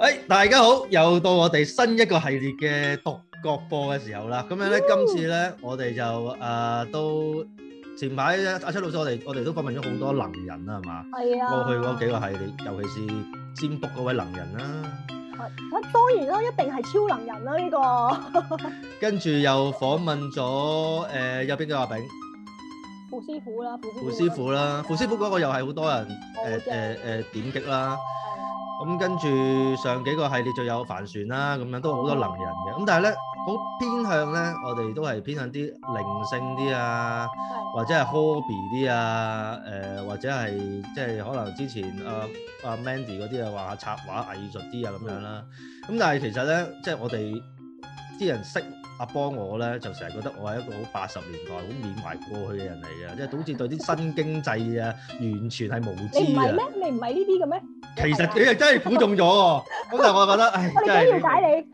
誒，大家好，又到我哋新一個系列嘅獨角播嘅時候啦。咁樣咧，今次咧，我哋就誒，都前排阿七老師，我哋我哋都訪問咗好多能人啦，係嘛？係啊。過去嗰幾個系列，尤其是占卜嗰位能人啦。啊，當然啦，一定係超能人啦呢個。跟住又訪問咗誒，右邊嘅阿炳傅師傅啦，傅傅師傅啦，傅師傅嗰個又係好多人誒誒誒點擊啦。咁跟住上幾個系列就有帆船啦、啊，咁樣都好多能人嘅。咁但係呢，好偏向呢，我哋都係偏向啲靈性啲啊，或者係 hobby 啲啊，誒、呃、或者係即係可能之前阿啊，啊 Mandy 啲啊話插畫藝術啲啊咁、嗯、樣啦、啊。咁但係其實咧，即係我哋啲人識。阿幫我咧，就成日覺得我係一個好八十年代、好緬懷過去嘅人嚟嘅，即係好似對啲新經濟啊，完全係無知嘅。你唔係咩？你唔係呢啲嘅咩？其實你係、 哎、真係估中咗。咁 但係我覺得，唉、哎，真係。要解、哎、你。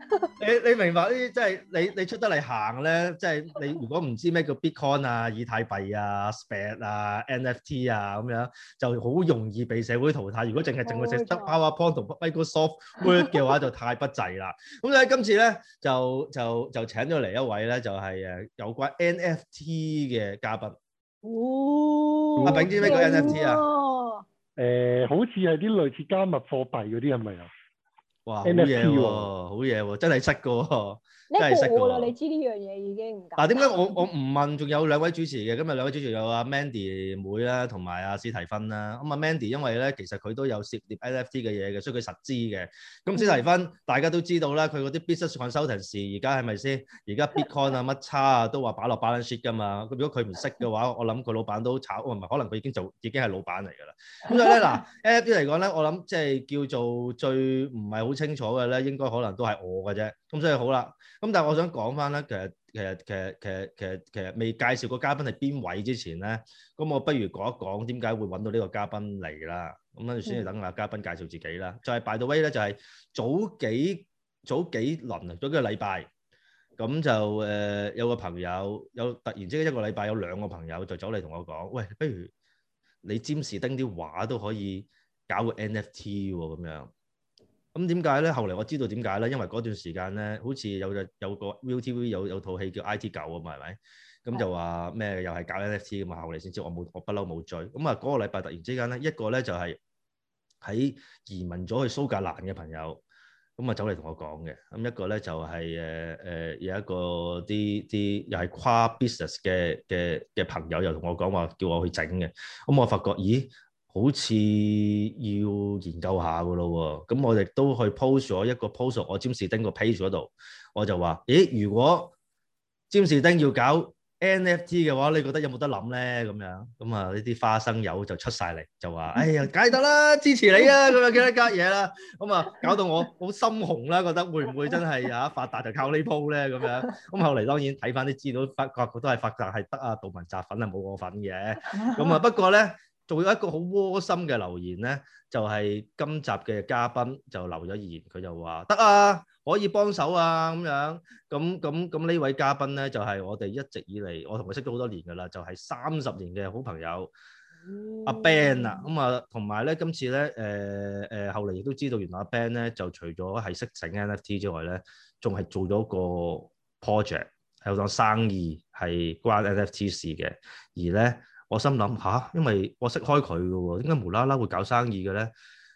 你你明白呢啲即係你你出得嚟行咧，即係你如果唔知咩叫 Bitcoin 啊、以太幣啊、SPAC 啊、NFT 啊咁樣，就好容易被社會淘汰。如果淨係淨係識得錯 PowerPoint 同 Microsoft Word 嘅話，就太不濟啦。咁喺 今次咧，就就就請咗。出嚟一位咧，就係誒有關 NFT 嘅嘉賓。哦，阿炳知咩叫 NFT 啊？誒、呃，好似係啲類似加密貨幣嗰啲係咪啊？哇、哦，好嘢喎，好嘢喎，真係識個真係識噶，你知呢樣嘢已經唔緊。嗱，點解我我唔問？仲有兩位主持嘅，今日兩位主持有阿 Mandy 妹啦、啊，同埋阿史提芬啦、啊。咁啊，Mandy 因為咧，其實佢都有涉獵 NFT 嘅嘢嘅，所以佢實知嘅。咁史提芬，嗯、大家都知道啦，佢嗰啲 business consultant 事，而家係咪先？而家 Bitcoin 啊，乜叉 啊，都話擺落 balance sheet 噶嘛。咁如果佢唔識嘅話，我諗佢老闆都炒，唔、哦、係可能佢已經做，已經係老闆嚟噶啦。咁 所以咧，嗱，NFT 嚟講咧，我諗即係叫做最唔係好清楚嘅咧，應該可能都係我嘅啫。咁所以好啦，咁但係我想講翻咧，其實其實其實其實其實其實未介紹過嘉說說個嘉賓係邊位之前咧，咁我不如講一講點解會揾到呢個嘉賓嚟啦。咁跟住先要等下嘉賓介紹自己啦。嗯、就係 by the way 咧，就係早幾早幾輪，早幾個禮拜，咁就誒、呃、有個朋友有，突然之間一個禮拜有兩個朋友就走嚟同我講，喂，不如你占士丁啲畫都可以搞個 NFT 喎、哦，咁樣。咁點解咧？後嚟我知道點解咧，因為嗰段時間咧，好似有隻有個 ViuTV 有有套戲叫《IT 狗》啊嘛，係咪？咁就話咩？又係搞 NFT 咁啊，後嚟先知我冇我不嬲冇追。咁啊，嗰個禮拜突然之間咧，一個咧就係喺移民咗去蘇格蘭嘅朋友，咁啊走嚟同我講嘅。咁一個咧就係誒誒有一個啲啲又係跨 business 嘅嘅嘅朋友又同我講話，叫我去整嘅。咁我發覺，咦？好似要研究下噶咯、啊，咁我亦都去 post 咗一個 post，我詹士丁個 page 嗰度，我就話，咦，如果詹士丁要搞 NFT 嘅話，你覺得有冇得諗咧？咁樣，咁啊呢啲花生友就出晒嚟，就話，哎呀，解得啦，支持你啊！咁啊幾多格嘢啦？咁啊搞到我好心紅啦，覺得會唔會真係嚇發達就靠呢鋪咧？咁樣，咁後嚟當然睇翻啲資料，發覺都係發達係得啊，杜汶澤粉係冇我份嘅，咁啊不過咧。仲有一個好窩心嘅留言咧，就係今集嘅嘉賓就留咗言，佢就話，得啊，可以幫手啊咁樣。咁咁咁呢位嘉賓咧就係我哋一直以嚟，我同佢識咗好多年㗎啦，就係三十年嘅好朋友阿 Ben 啦。咁啊，同埋咧今次咧，誒誒後嚟亦都知道，原來阿 Ben 咧就除咗係識整 NFT 之外咧，仲係做咗個 project，有檔生意係關 NFT 事嘅，而咧。我心諗吓、啊，因為我識開佢嘅，點解無啦啦會搞生意嘅咧？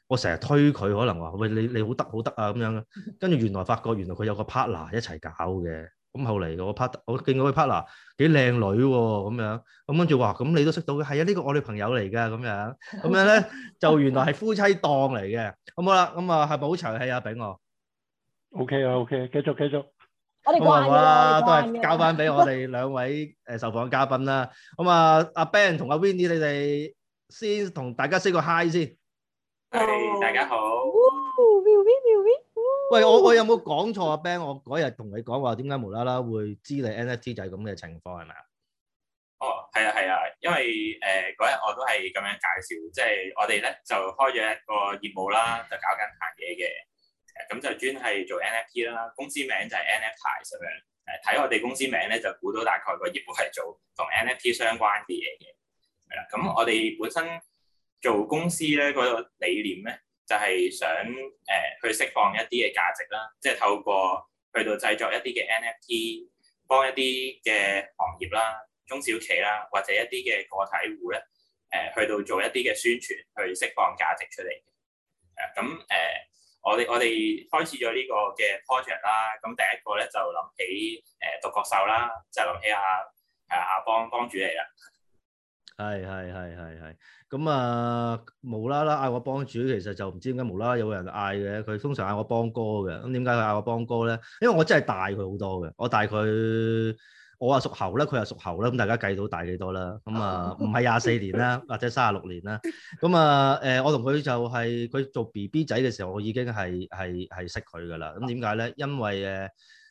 我成日推佢，可能話喂你你好得好得啊咁樣。跟住原來發覺，原來佢有個 partner 一齊搞嘅。咁後嚟我 partner，我見到佢 partner 幾靚女喎，咁樣。咁跟住話，咁你都識到嘅，係啊，呢個我女朋友嚟噶，咁樣。咁樣咧就原來係夫妻檔嚟嘅， 好唔好啦？咁啊係咪好財氣啊，俾我。O K 啦，O K，繼續繼續。繼續咁好啦，都係交翻俾我哋兩位誒受訪嘉賓啦。咁 啊，阿 Ben 同阿 Winnie 你哋先同大家 say 個 hi 先。係，hey, 大家好。喂,喂,喂,喂,喂,喂，我有有 Ben, 我有冇講錯阿 Ben 我嗰日同你講話，點解無啦啦會知你 NFT 就係咁嘅情況係咪、哦、啊？哦，係啊，係啊，因為誒嗰日我都係咁樣介紹，即、就、係、是、我哋咧就開咗一個業務啦，就搞緊行嘢嘅。咁就專係做 NFT 啦，公司名就係 NFT 咁樣。誒，睇我哋公司名咧，就估到大概個業務係做同 NFT 相關啲嘢嘅。係啦，咁我哋本身做公司咧個理念咧，就係想誒去釋放一啲嘅價值啦，即係透過去到製作一啲嘅 NFT，幫一啲嘅行業啦、中小企啦，或者一啲嘅個體戶咧，誒去到做一啲嘅宣傳，去釋放價值出嚟。係啊，咁誒。呃我哋我哋開始咗呢個嘅 project 啦，咁第一個咧就諗起誒獨角獸啦，即係諗起阿阿阿幫幫主嚟啦。係係係係係，咁啊無啦啦嗌我幫主，其實就唔知點解無啦有個人嗌嘅，佢通常嗌我幫哥嘅，咁點解佢嗌我幫哥咧？因為我真係大佢好多嘅，我大佢。我話屬猴啦，佢又屬猴啦，咁大家計到大幾多啦？咁啊，唔係廿四年啦，或者卅六年啦。咁啊、就是，誒，我同佢就係佢做 BB 仔嘅時候，我已經係係係識佢㗎喇。咁點解咧？因為誒誒。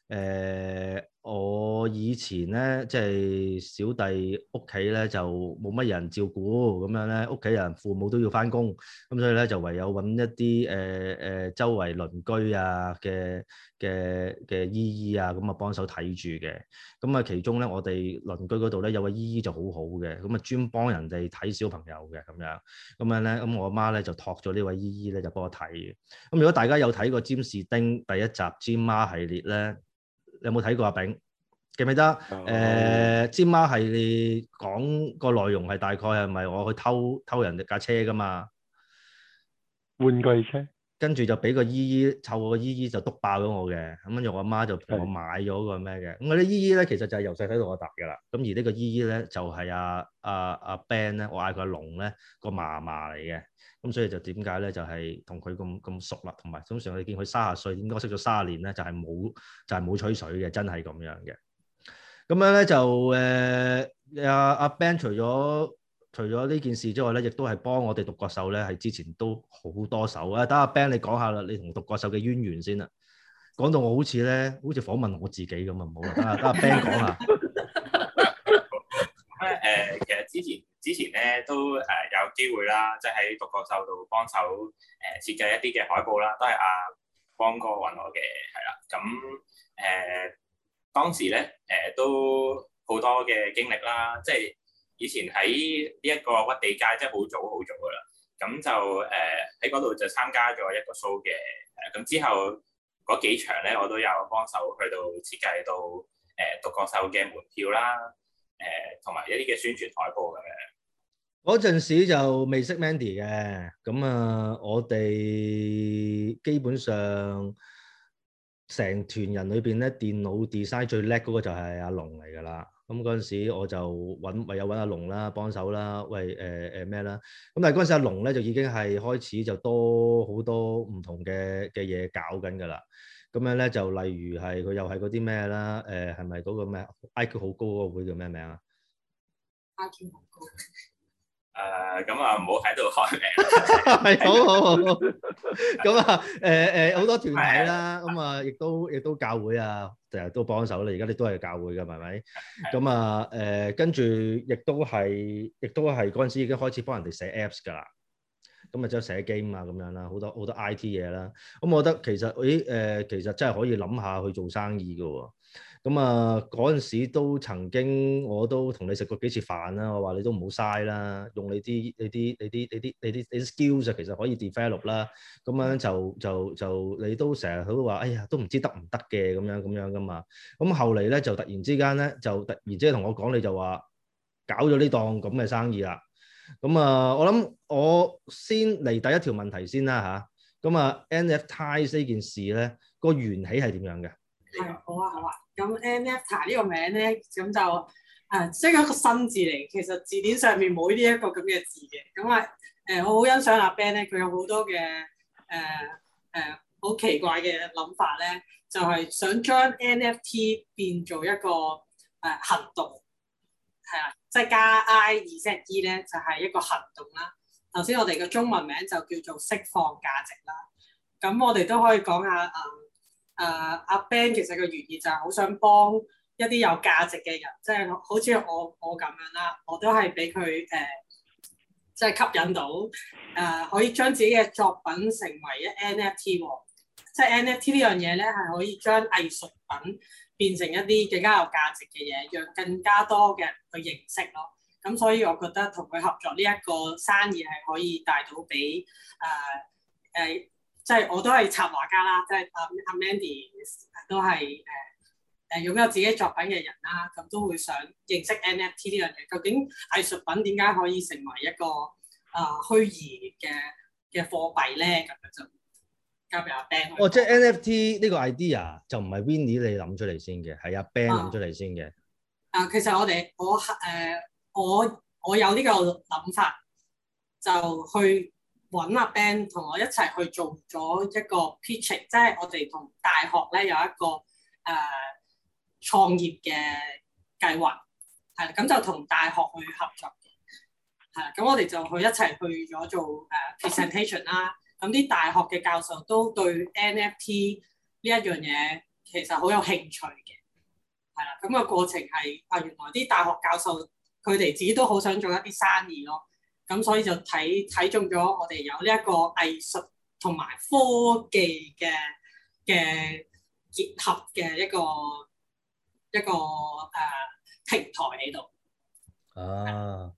呃我以前咧，即係小弟屋企咧就冇乜人照顧咁樣咧，屋企人父母都要返工，咁所以咧就唯有揾一啲誒誒周圍鄰居啊嘅嘅嘅姨姨啊，咁啊幫手睇住嘅。咁啊其中咧，我哋鄰居嗰度咧有位姨姨就好好嘅，咁啊專幫人哋睇小朋友嘅咁樣。咁樣咧，咁我阿媽咧就託咗呢位姨姨咧就幫我睇嘅。咁如果大家有睇過占士丁第一集《占媽》系列咧？你有冇睇過阿炳？記唔記得？誒尖媽，係你講個內容係大概係咪我去偷偷人哋架車噶嘛？玩具車，跟住就俾個姨姨湊我，個姨姨就篤爆咗我嘅咁樣，然後阿媽就同我買咗個咩嘅咁。啊啲姨姨咧其實就係由細睇到我大嘅啦。咁而呢個姨姨咧就係阿阿阿 Ben 咧，我嗌佢阿龍咧個嫲嫲嚟嘅。咁所以就點解咧？就係同佢咁咁熟啦，同埋通常你見佢卅歲，應該識咗卅年咧，就係冇就係冇取水嘅，真係咁樣嘅。咁樣咧就誒阿阿 Ben 除咗除咗呢件事之外咧，亦都係幫我哋獨角獸咧，係之前都好多手啊！等阿 Ben 你講下啦，你同獨角獸嘅淵源先啦。講到我好似咧，好似訪問我自己咁啊！唔好啦，等阿 Ben 講下。咩 其實之前。之前咧都誒有機會啦，即係喺獨角獸度幫手誒設計一啲嘅海報啦，都係阿邦哥搵我嘅，係啦。咁誒、呃、當時咧誒、呃、都好多嘅經歷啦，即係以前喺呢一個屈地街，即係好早好早噶啦。咁就誒喺嗰度就參加咗一個 show 嘅，咁之後嗰幾場咧我都有幫手去到設計到誒獨角獸嘅門票啦。誒，同埋一啲嘅宣傳海報嘅。嗰陣時就未識 Mandy 嘅，咁啊，我哋基本上成團人裏邊咧，電腦 design 最叻嗰個就係阿龍嚟噶啦。咁嗰陣時我就搵，唯有搵阿龍啦，幫手啦，喂，誒誒咩啦？咁但係嗰陣時阿龍咧就已經係開始就多好多唔同嘅嘅嘢搞緊噶啦。咁、嗯呃 uh，樣咧就例如係佢又係嗰啲咩啦？誒係咪嗰個咩？IQ 好高嗰個會叫咩名啊？IQ 好高。誒咁啊，唔好喺度開名。係好好好。咁啊誒誒好，好、呃呃、多團體啦，咁啊亦都亦都教會啊，成日都幫手啦。而家你都係教會㗎，係咪？咁啊誒，跟住亦都係亦都係嗰陣時已經開始幫人哋寫 Apps 㗎啦。咁咪即係寫 game 啊，咁樣啦，好多好多 IT 嘢啦。咁我覺得其實誒、欸呃，其實真係可以諗下去做生意嘅、哦。咁、嗯、啊，嗰陣時都曾經我都同你食過幾次飯啦。我話你都唔好嘥啦，用你啲你啲你啲你啲你啲 skills 其實可以 develop 啦。咁、嗯、樣就就就，就你都成日都話，哎呀，都唔知得唔得嘅咁樣咁樣噶嘛。咁、嗯、後嚟咧就突然之間咧就突然之間同我講你就話搞咗呢檔咁嘅生意啦。咁啊，我諗我先嚟第一條問題先啦嚇。咁啊，Nftize 呢件事咧個緣起係點樣嘅？係好啊，好啊。咁 NFT 呢個名咧，咁就誒、呃、即係一個新字嚟。其實字典上面冇呢一個咁嘅字嘅。咁啊誒，我、呃、好欣賞阿 Ben 咧，佢有好多嘅誒誒好奇怪嘅諗法咧，就係、是、想將 NFT 變做一個誒、呃、行動，係啊。即係加 I Z E 咧，就係一個行動啦。頭先我哋嘅中文名就叫做釋放價值啦。咁我哋都可以講下誒誒阿 Ben 其實嘅原意就係好想幫一啲有價值嘅人，即係好似我我咁樣啦，我都係俾佢誒即係吸引到誒、呃，可以將自己嘅作品成為一 NFT。即係 NFT 呢樣嘢咧，係可以將藝術品，變成一啲更加有價值嘅嘢，讓更加多嘅人去認識咯。咁所以我覺得同佢合作呢一個生意係可以帶到俾誒誒，即、呃、係、呃就是、我都係插畫家啦，即係阿阿 Mandy 都係誒誒擁有自己作品嘅人啦。咁都會想認識 NFT 呢樣嘢，究竟藝術品點解可以成為一個啊、呃、虛擬嘅嘅貨幣咧？咁就交俾阿 Ben 哦，即係 NFT 呢個 idea 就唔係 Winnie 你諗出嚟先嘅？係阿、啊、Ben 諗出嚟先嘅。啊，其實我哋我誒、呃、我我有呢個諗法，就去搵阿 Ben 同我一齊去做咗一個 pitching，即係我哋同大學咧有一個誒創、呃、業嘅計劃。係啦，咁就同大學去合作嘅。係啦，咁我哋就一去一齊去咗做誒、呃、presentation 啦。咁啲大學嘅教授都對 NFT 呢一樣嘢其實好有興趣嘅，係啦。咁個過程係，啊，原來啲大學教授佢哋自己都好想做一啲生意咯。咁所以就睇睇中咗我哋有呢一個藝術同埋科技嘅嘅結合嘅一個一個誒平台喺度。啊～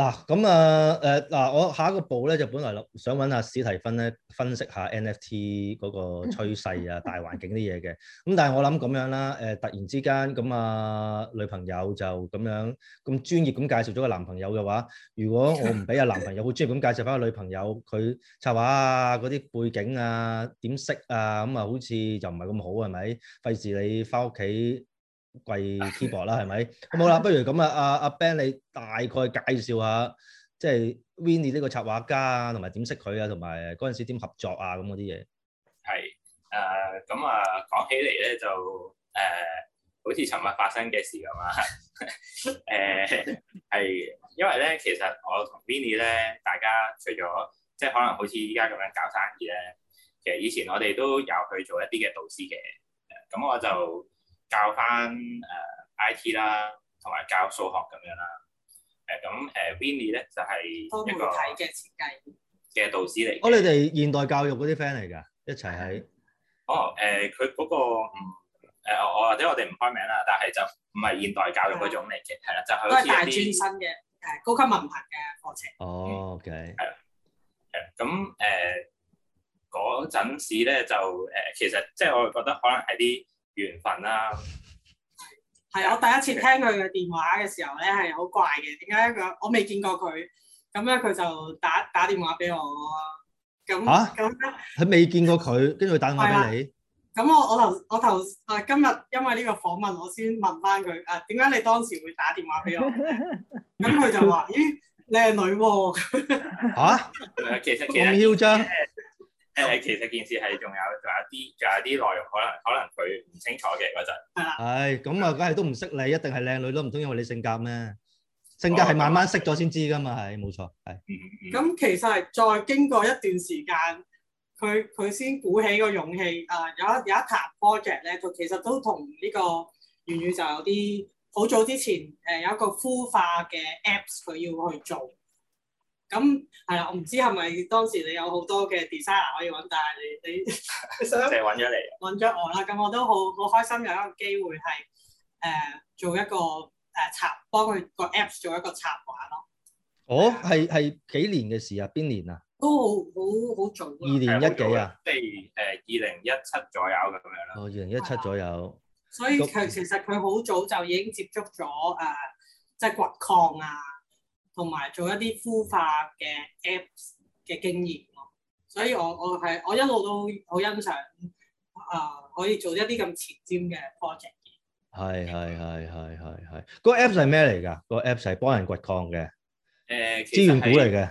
嗱，咁啊，誒、啊、嗱、啊，我下一個步咧就本來諗想揾下史提芬咧分析下 NFT 嗰個趨勢啊、大環境啲嘢嘅，咁、嗯、但係我諗咁樣啦，誒、啊、突然之間咁啊，女朋友就咁樣咁專業咁介紹咗個男朋友嘅話，如果我唔俾啊男朋友好專業咁介紹翻個女朋友，佢插畫啊、嗰啲背景啊、點識啊，咁、嗯、啊好似就唔係咁好，係咪？費事你翻屋企。貴 keyboard 啦，係咪？咁 好啦，不如咁啊，阿、啊、阿 Ben，你大概介紹下，即、就、係、是、Winnie 呢個插畫家，同埋點識佢啊？同埋嗰陣時點合作啊，咁嗰啲嘢，係誒，咁、呃、啊，講起嚟咧就誒、呃，好似尋日發生嘅事咁啊。誒、 呃，係，因為咧，其實我同 Winnie 咧，大家除咗即係可能好似依家咁樣搞生意咧，其實以前我哋都有去做一啲嘅導師嘅，咁我就。 教翻誒 IT 啦，同埋教數學咁樣啦。誒咁誒 Winnie 咧就係、係、一個媒體嘅設計嘅導師嚟。哦，你哋現代教育嗰啲 friend 嚟㗎，一齊喺。哦誒，佢、呃、嗰、嗰個誒、呃、我或者我哋唔開名啦，但係就唔係現代教育嗰種嚟嘅，係啦的，就係大專生嘅誒高級文憑嘅課程。哦，OK。係啦，係咁誒嗰陣時咧就誒、呃、其實即係我覺得可能係啲。緣分啦，係我第一次聽佢嘅電話嘅時候咧，係好怪嘅，點解佢我未見過佢，咁咧佢就打打電話俾我，咁咁咧，佢未、啊、那見過佢，跟住佢打電話俾你，咁、啊、我我頭我頭啊今日因為呢個訪問，我先問翻佢，誒點解你當時會打電話俾我？咁佢就話咦，靚女喎，吓， 其實咁囂張。誒，其實件事係仲有，仲有啲，仲有啲內容可，可能可能佢唔清楚嘅嗰陣。係，咁啊，梗係都唔識你，一定係靚女，都唔通因為你性格咩？性格係慢慢識咗先知㗎嘛，係冇錯，係。咁，嗯嗯嗯，其實再經過一段時間，佢佢先鼓起個勇氣啊，呃，有一有一，項項項，有，呃，有一個 project 咧，佢其實都同呢個粵語就有啲好早之前誒有一個孵化嘅 apps，佢要去做。咁係啦，我唔知係咪當時你有好多嘅 designer 可以揾，但係你你即係揾咗你，揾咗 我啦。咁我都好好開心有一個機會係誒、呃、做一個誒插、呃，幫佢個 apps 做一個插畫咯。哦，係係的幾年嘅事啊？邊年啊？都好好好早，二零一幾啊？譬如誒二零一七左右咁樣啦。哦，二零一七左右。所以佢其實佢好早就已經接觸咗誒，即、呃、係、就係、掘礦啊。同埋做一啲孵化嘅 Apps 嘅經驗咯，所以我我係我一路都好欣賞啊、呃、可以做一啲咁前瞻嘅 project 嘅。係係係係係係，個 Apps 係咩嚟㗎？個 Apps 係幫人掘礦嘅，誒資源股嚟嘅。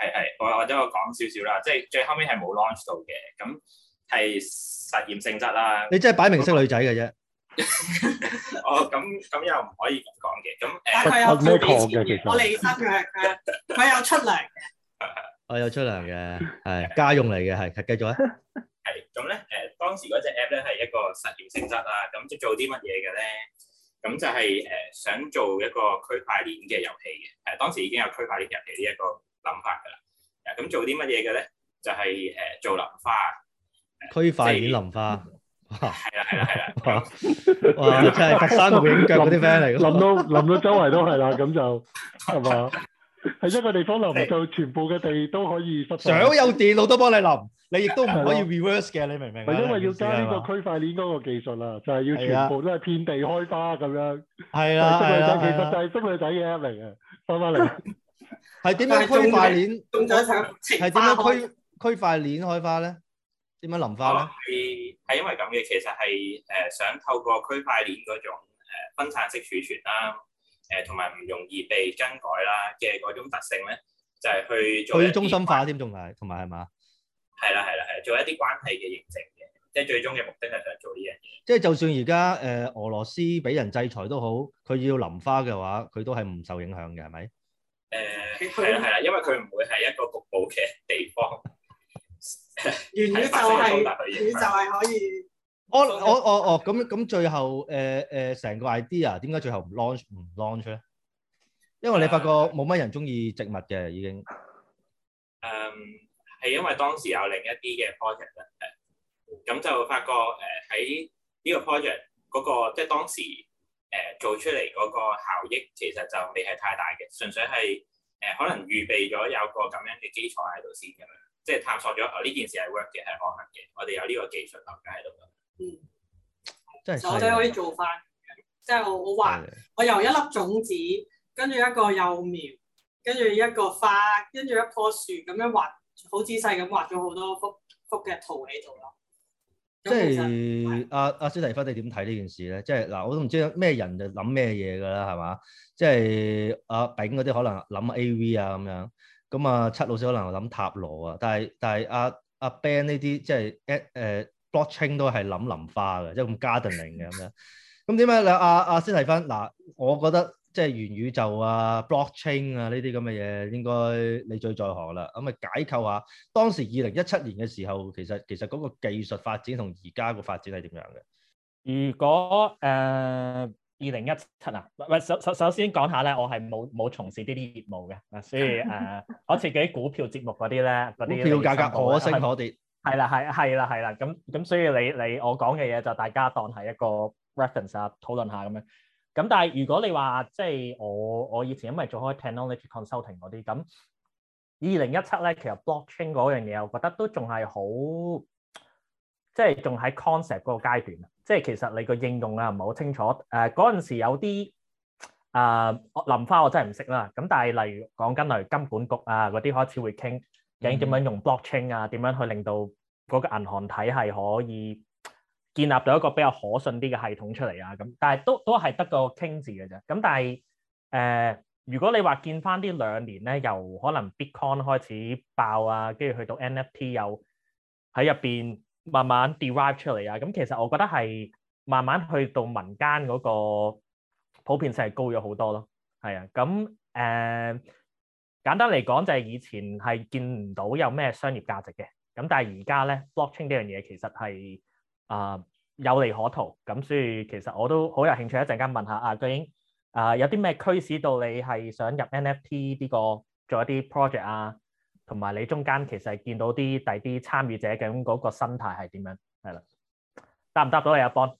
係 係， 我或者我講少少啦，即係最後尾係冇 launch 到嘅，咁係實驗性質啦。你真係擺明識女仔嘅啫～ 哦，咁咁又唔可以咁講嘅，咁誒，我理得佢嘅，我佢佢佢有出糧嘅，係我有出糧嘅，係 家用嚟嘅，係繼續啊，係，咁咧誒，當時嗰隻 app 咧係一個實驗性質啦，咁即做啲乜嘢嘅咧？咁就係誒想做一個區塊鏈嘅遊戲嘅，誒當時已經有區塊鏈遊戲呢一個諗法噶啦，誒咁做啲乜嘢嘅咧？就係、是、誒做林花，區塊鏈林花。四嗯係啊係啊係啊！哇，真係佛山無影腳啲 friend 嚟，淋到淋到周圍都係啦，咁就係嘛？喺 一個地方淋，你就全部嘅地都可以濕晒。想有電路都幫你淋，你亦都唔可以 reverse 嘅，你明唔明啊？因為要加呢個區塊鏈嗰個技術啊，就係、是、要全部都係遍地開花咁樣。係啊係啊，其實就係識女仔嘅 app 嚟嘅翻翻嚟，係點 樣區塊鏈種咗產？係點樣區區塊鏈開花咧？點樣淋花咧？係係、哦、因為咁嘅，其實係誒、呃、想透過區塊鏈嗰種分散式儲存啦，誒同埋唔容易被更改啦嘅嗰種特性咧，就係、是、去做去中心化添，仲係同埋係嘛？係啦係啦係，做一啲關係嘅認證嘅，即係最終嘅目的係想做呢樣嘢。即係就算而家誒俄羅斯俾人制裁都好，佢要淋花嘅話，佢都係唔受影響嘅，係咪？誒係啦係啦，因為佢唔吧會係一個局部嘅地方。 粵語就係、是，粵語就係可以。我我我哦，咁 咁、oh, oh, oh, oh, oh, 最後誒誒成個 idea，點解最後唔 launch 唔 launch 咧？因為你發覺冇乜人中意植物嘅已經。誒， 係、嗯、因為當時有另一啲嘅 project 咁就發覺誒喺呢個 project 嗰、那個，即、就、係、是、當時誒、uh, 做出嚟嗰個效益，其實就未係太大嘅，純粹係誒、uh, 可能預備咗有個咁樣嘅基礎喺度先咁樣。即係探索咗，呢件事係 work 嘅，係可行嘅。我哋有呢個技術留低喺度咯。嗯，真係是，我真係可以做翻。即係我我畫，的我由一粒種子，跟住一個幼苗，跟住一個花，跟住一棵樹咁樣畫，好仔細咁畫咗好多幅幅嘅圖喺度咯。即係阿阿蘇提芬，你點睇呢件事咧？即係嗱，我都唔知咩人就諗咩嘢噶啦，係嘛？即係阿炳嗰啲可能諗 AV 啊咁樣。咁啊、嗯，七老師可能我諗塔羅啊，但係但係阿阿 Ben 呢啲即係誒、啊啊、blockchain 都係諗林化嘅，即、就、係、是、咁 gardening 嘅咁樣。咁點解、 嗯、啊？阿、啊、先斯提芬，嗱、啊，我覺得即係元宇宙啊、blockchain 啊呢啲咁嘅嘢，應該你最在行啦。咁、嗯、啊，解構下當時二零一七年嘅時候，其實其實嗰個技術發展同而家個發展係點樣嘅？如果誒？Uh 二零一七啊，唔係首首首先講下咧，我係冇冇從事呢啲業務嘅，所以誒，好似啲股票節目嗰啲咧，嗰啲股票價格可升可跌，係啦係係啦係啦，咁咁所以你你我講嘅嘢就大家當係一個 reference 啊，討論下咁樣。咁但係如果你話即係我我以前因為做開 technology consulting 嗰啲，咁二零一七咧，其實 blockchain 嗰樣嘢，我覺得都仲係好。即係仲喺 concept 嗰個階段啦，即係其實你個應用啊唔係好清楚。誒嗰陣時有啲誒、呃、林花我真係唔識啦。咁但係例如講緊，例如金管局啊嗰啲開始會傾，究竟點樣用 blockchain 啊，點樣去令到嗰個銀行體系可以建立到一個比較可信啲嘅系統出嚟啊咁。但係都都係得個傾字嘅啫。咁但係誒、呃，如果你話見翻啲兩年咧，由可能 bitcoin 開始爆啊，跟住去到 NFT 又喺入邊。慢慢 derive 出嚟啊！咁其實我覺得係慢慢去到民間嗰個普遍性係高咗好多咯，係啊！咁誒、呃、簡單嚟講就係以前係見唔到有咩商業價值嘅，咁但係而家咧 blockchain 呢樣嘢其實係啊、呃、有利可圖，咁所以其實我都好有興趣一一、啊，一陣間問下阿 g e 啊有啲咩驅使到你係想入 NFT 呢個做一啲 project 啊？同埋你中間其實係見到啲第啲參與者嘅嗰個心態係點樣？係啦，能能答唔答到你阿邦？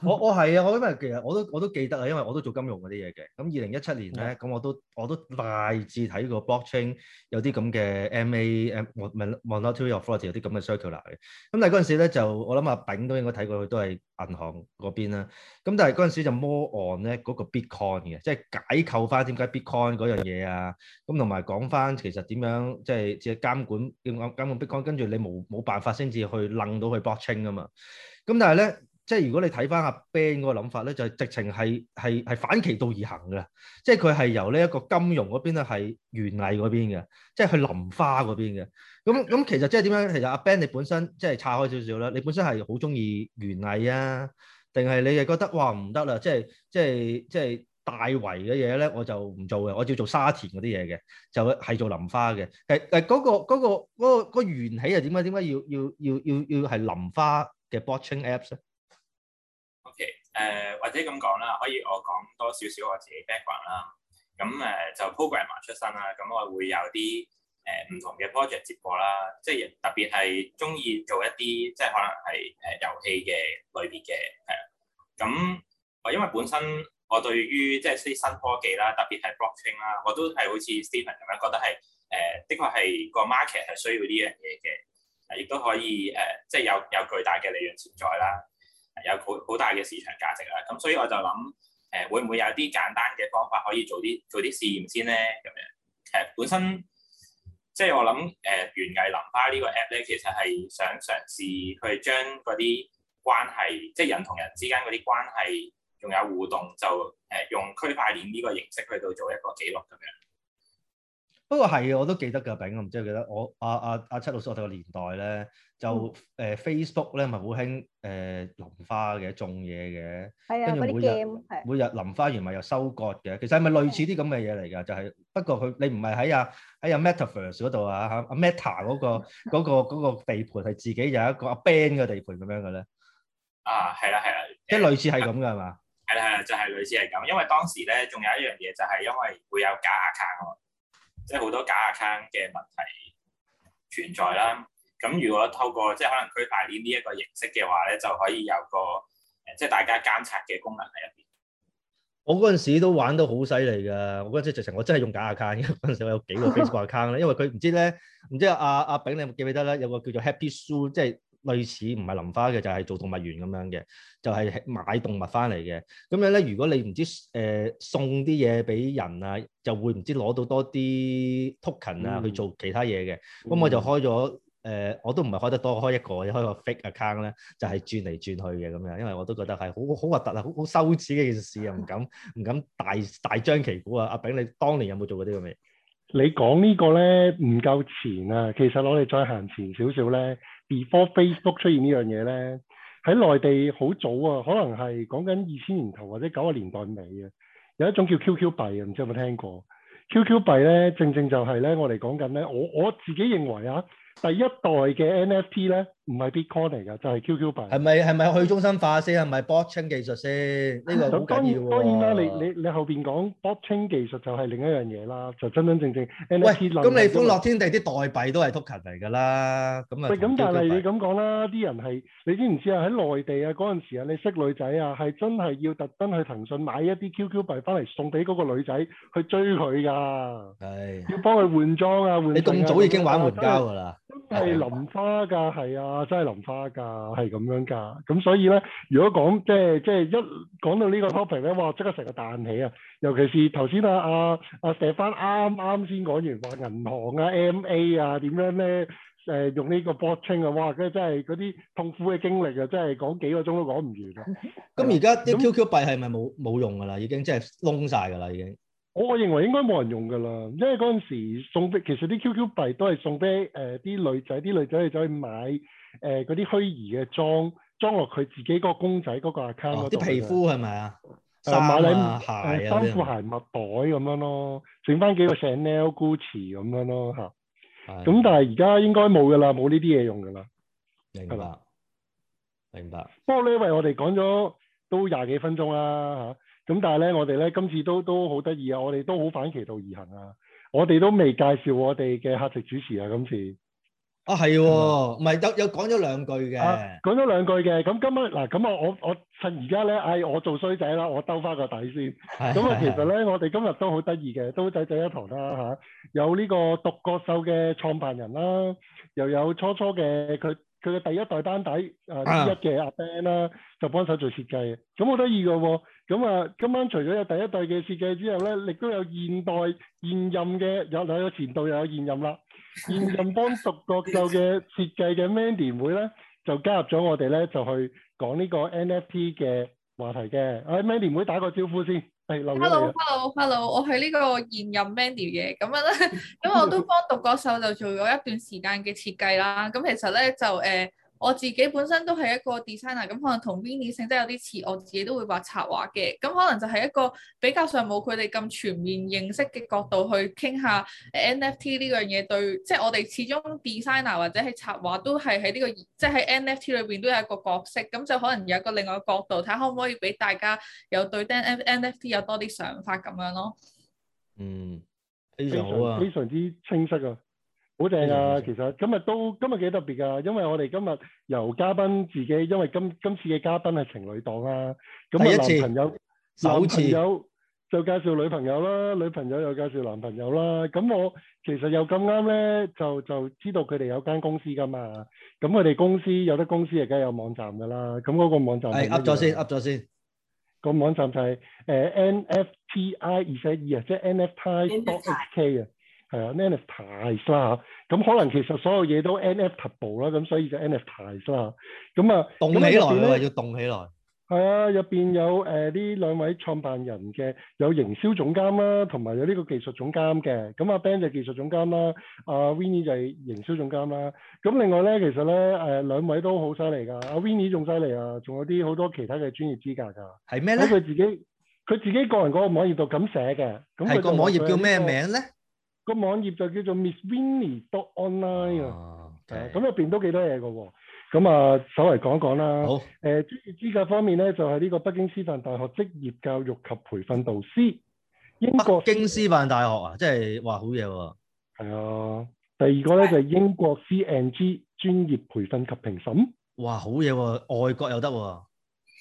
我我係啊，我因為其實我都我都記得啊，因為我都做金融嗰啲嘢嘅。咁二零一七年咧，咁我都我都大致睇過 blockchain 有啲咁嘅 MA，Monetary Authority 有啲咁嘅 circular 嘅。咁但係嗰陣時咧，就我諗阿炳都應該睇過，佢都係銀行嗰邊啦。咁但係嗰陣時就摩案咧，嗰個 bitcoin 嘅，即係解構翻點解 bitcoin 嗰樣嘢啊。咁同埋講翻其實點樣，即係即係監管要監管 bitcoin，跟住你冇冇辦法先至去掹到去 blockchain 㗎嘛。咁但係咧。即係如果你睇翻阿 Ben 嗰個諗法咧，就係直情係係係反其道而行嘅。即係佢係由呢一個金融嗰邊咧係園藝嗰邊嘅，即係去林花嗰邊嘅。咁咁其實即係點樣？其實阿 Ben 你本身即係岔開少少啦。你本身係好中意園藝啊，定係你係覺得哇唔得啦？即係即係即係大圍嘅嘢咧，我就唔做嘅。我照做沙田嗰啲嘢嘅，就係做林花嘅。誒誒嗰個嗰個嗰個嗰個緣起係點解點解要要要要要係林花嘅 botching apps 咧？誒、呃、或者咁講啦，可以我講多少少我自己 background 啦。咁誒、呃、就 programmer 出身啦，咁我會有啲誒唔同嘅 project 接過啦，即係特別係中意做一啲即係可能係誒遊戲嘅類別嘅係。咁我因為本身我對於即係啲新科技啦，特別係 blockchain 啦，我都係好似 Stephen 咁樣覺得係誒、呃，的確係個 market 係需要呢樣嘢嘅，亦都可以誒、呃，即係有有巨大嘅利潤存在啦。有好好大嘅市場價值啦，咁所以我就諗誒、呃，會唔會有啲簡單嘅方法可以做啲做啲試驗先咧咁樣？誒、呃，本身即係我諗誒，原、呃、藝林巴呢個 app 咧，其實係想嘗試去將嗰啲關係，即係人同人之間嗰啲關係，仲有互動，就誒用區塊鏈呢個形式去到做一個記錄咁樣。不過係，我都記得㗎，炳，我唔知記得我阿阿阿七老師我哋個年代咧。就誒 Facebook 咧，咪好興誒淋花嘅種嘢嘅，跟住每日每日淋花完咪又收割嘅。其實係咪類似啲咁嘅嘢嚟㗎？就係不過佢你唔係喺啊喺啊 Metaverse 嗰度啊嚇，阿 Meta 嗰個嗰個嗰個地盤係自己有一個阿 Ben 嘅地盤咁樣嘅咧。啊，係啦係啦，即係類似係咁㗎係嘛？係啦係啦，就係類似係咁。因為當時咧，仲有一樣嘢就係因為會有假 account，即係好多假 account 嘅問題存在啦。咁如果透過即係可能區塊鏈呢一個形式嘅話咧，就可以有個誒即係大家監察嘅功能喺入邊。我嗰陣時都玩到好犀利㗎，我嗰陣時直情我真係用假 account，因為嗰陣時我有幾個 Facebook account 咧，因為佢唔知咧，唔知阿阿炳你記唔記得咧，有個叫做 Happy Zoo，即係類似唔係淋花嘅，就係、是、做動物園咁樣嘅，就係、是、買動物翻嚟嘅。咁樣咧，如果你唔知誒、呃、送啲嘢俾人啊，就會唔知攞到多啲 token 啊去做其他嘢嘅。咁、嗯嗯、我就開咗。誒、呃，我都唔係開得多，開一個，開個 fake account 咧，就係、是、轉嚟轉去嘅咁樣，因為我都覺得係好好核突啊，好好羞恥嘅件事啊，又唔敢唔敢大大張旗鼓啊！阿炳，你當年有冇做過啲咁嘅嘢？你講呢個咧唔夠前啊，其實我哋再行前少少咧，before Facebook 出現呢樣嘢咧，喺內地好早啊，可能係講緊二千年頭或者九十年代尾啊，有一種叫 QQ 幣啊，唔知有冇聽過？QQ 幣咧，正正就係咧，我哋講緊咧，我我自己認為啊。第一代嘅 NFT 咧，唔係 Bitcoin 嚟噶，就係 QQ 幣。係咪係咪去中心化先？係咪 Blockchain 技術先？呢個好緊要喎。當然當然啦，你你你後邊講 Blockchain 技術就係另一樣嘢啦，就真真正正 NFT。喂，咁你歡樂天地啲代幣都係 Token 嚟㗎啦，咁啊。即係咁，但係你咁講啦，啲人係你知唔知啊？喺內地啊，嗰陣時啊，你識女仔啊，係真係要特登去騰訊買一啲 QQ 幣翻嚟送俾嗰個女仔去追佢㗎。係。要幫佢換裝啊，換裝。你咁早已經玩換膠㗎啦。即係淋花㗎，係啊，真係淋花㗎，係咁樣㗎。咁所以咧，如果講即係即係一講到呢個 topic 咧、啊，哇，即刻成個彈起啊！尤其是頭先啊啊啊，錫翻啱啱先講完話銀行啊、AMA 啊點樣咧，誒用呢個 bot 傾啊，哇！即係真係嗰啲痛苦嘅經歷啊，真係講幾個鐘都講唔完啊！咁而家啲 QQ 幣係咪冇冇用㗎啦？已經即係窿晒㗎啦已經。我我認為應該冇人用㗎啦，因為嗰陣時送俾其實啲 QQ 幣都係送俾誒啲女仔，啲女仔就走去買誒嗰啲虛擬嘅裝裝落佢自己嗰個公仔嗰個 account 度。啲、哦、皮膚係咪啊？衫啊、鞋啊、帆布鞋、襪袋咁樣咯，剩翻幾個 Chanel、 Gucci 咁樣咯嚇。咁的但係而家應該冇㗎啦，冇呢啲嘢用㗎啦。明白。吧明白。不過呢，因為我哋講咗都廿幾分鐘啦嚇。咁但係咧，我哋咧今次都都好得意啊！我哋都好反其道而行啊！我哋都未介紹我哋嘅客席主持啊！今次啊，係喎、哦，唔係、嗯、有有講咗兩句嘅，講咗兩句嘅。咁今日嗱，咁啊，我我趁而家咧，嗌、哎、我做衰仔啦，我兜翻個底先。咁啊是，其實咧，我哋今日都好得意嘅，都仔仔一堂啦嚇，有呢個獨角獸嘅創辦人啦、啊，又有初初嘅佢佢嘅第一代單底啊，一嘅阿 Ben 啦、啊，就幫手做設計，咁好得意㗎喎。啊啊啊啊啊咁啊，今晚除咗有第一代嘅設計之後咧，亦都有現代現任嘅有又有前度又有現任啦。現任幫獨角獸嘅設計嘅 Mandy 妹咧，就加入咗我哋咧，就去講呢個 NFT 嘅話題嘅。哎，Mandy 妹打個招呼先。係，Hello，hello，hello，hello。我係呢個現任 Mandy 嘅。咁樣咧，咁我都幫獨角獸就做咗一段時間嘅設計啦。咁其實咧就誒。呃我自己本身都係一個 designer，咁可能同 Winnie 性質有啲似，我自己都會畫插畫嘅。咁可能就係一個比較上冇佢哋咁全面認識嘅角度去傾下 NFT 呢樣嘢。對，即係我哋始終 designer 或者係插畫都係喺呢個即係喺 NFT 裏邊都有一個角色，咁就可能有一個另外個角度，睇可唔可以俾大家有對 NFT 有多啲想法咁樣咯。嗯，非常好啊，非常之清晰啊！好正啊！其實今日都今日幾特別噶，因為我哋今日由嘉賓自己，因為今今次嘅嘉賓係情侶檔啊，咁啊男朋友，男朋友就介紹女朋友啦，女朋友又介紹男朋友啦。咁我其實又咁啱咧，就就知道佢哋有間公司噶嘛。咁佢哋公司有得公司，而家有網站噶啦。咁嗰個網站係噏咗先，噏咗先。個網站就係誒 NFTIZE 啊，即係 NFTIZE.HK 啊。係啊，nftize 啦，咁可能其實所有嘢都 nftable 啦，咁所以就 nftize 啦。咁啊，動起嚟咧，要動起嚟。係啊，入邊有誒呢兩位創辦人嘅，有營銷總監啦，同埋有呢個技術總監嘅。咁阿 Ben 就係技術總監啦，阿 Winnie 就係營銷總監啦。咁另外咧，其實咧誒兩位都好犀利噶，阿 Winnie 仲犀利啊，仲有啲好多其他嘅專業資格噶。係咩咧？佢自己佢自己個人嗰個網頁度咁寫嘅。係個網頁叫咩名咧？個網頁就叫做 MissWinnie.com online 啊，咁入邊都幾多嘢嘅喎。咁啊，稍為、啊、講講啦。好。誒、呃、專業資格方面咧，就係、是、呢個北京師範大學職業教育及培訓導師。英國北京師範大學啊，即係話，好嘢喎！係啊。第二個咧就係、是、英國 CNG 唉專業培訓及評審。哇，好嘢喎！外國又得喎。